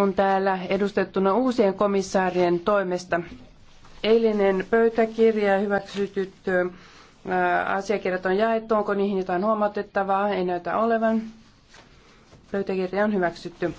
on täällä edustettuna uusien komissaarien toimesta. Eilinen pöytäkirja hyväksytyt asiakirjat on jaettu. Onko niihin jotain huomautettavaa? Ei näytä olevan. Pöytäkirja on hyväksytty.